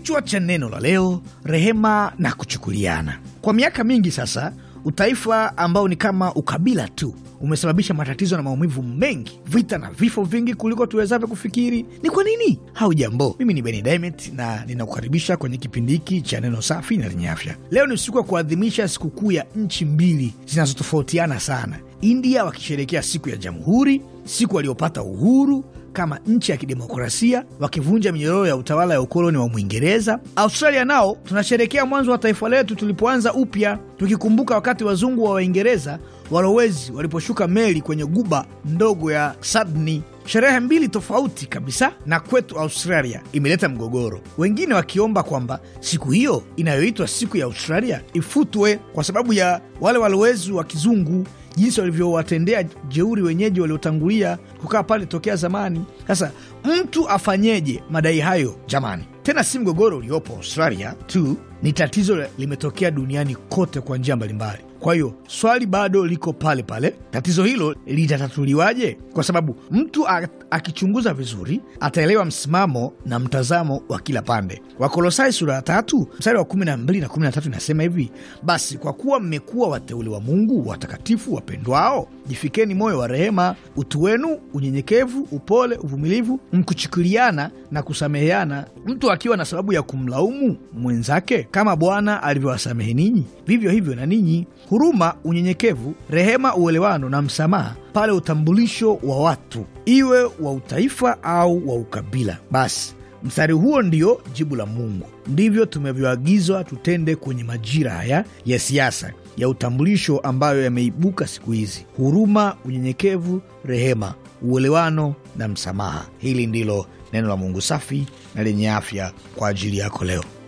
Kichwa cha neno la leo: rehema na kuchukuliana. Kwa miaka mingi sasa, utaifa ambao ni kama ukabila tu umesababisha matatizo na maumivu mengi, vita na vifo vingi kuliko tuwezavyo kufikiri. Ni kwa nini? jambo mimi ni Beni Dimet na ninakukaribisha kwenye kipindi hiki cha neno safi na lenye afya. Leo ni siku ya kuadhimisha sikukuu ya nchi mbili zinazotofautiana sana. India wakisherekea siku ya Jamhuri, siku waliopata uhuru kama nchi ya kidemokrasia, wakivunja minyororo ya utawala ya ukoloni wa Mwingereza. Australia nao tunasherekea mwanzo wa taifa letu tulipoanza upya, tukikumbuka wakati wazungu wa Waingereza walowezi waliposhuka meli kwenye guba ndogo ya Sydney sherehe mbili tofauti kabisa na kwetu Australia imeleta mgogoro, wengine wakiomba kwamba siku hiyo inayoitwa siku ya Australia ifutwe kwa sababu ya wale walowezi wa kizungu jinsi walivyowatendea jeuri wenyeji waliotangulia kukaa pale tokea zamani. Sasa mtu afanyeje madai hayo jamani? Tena si mgogoro uliopo Australia tu, ni tatizo limetokea duniani kote kwa njia mbalimbali. Kwa hiyo swali bado liko pale pale, tatizo hilo litatatuliwaje? Kwa sababu mtu akichunguza vizuri ataelewa msimamo na mtazamo wa kila pande. Wakolosai sura ya tatu mstari wa kumi na mbili na kumi na tatu inasema hivi: basi kwa kuwa mmekuwa wateule wa Mungu, watakatifu wapendwao, jifikeni moyo wa rehema, utu wenu, unyenyekevu, upole, uvumilivu, mkuchukuliana na kusameheana, mtu akiwa na sababu ya kumlaumu mwenzake, kama Bwana alivyowasamehe ninyi, vivyo hivyo na ninyi huruma, unyenyekevu, rehema, uelewano na msamaha pale utambulisho wa watu iwe wa utaifa au wa ukabila. Basi mstari huo ndio jibu la Mungu. Ndivyo tumevyoagizwa tutende kwenye majira haya ya siasa ya utambulisho ambayo yameibuka siku hizi: huruma, unyenyekevu, rehema, uelewano na msamaha. Hili ndilo neno la Mungu safi na lenye afya kwa ajili yako leo.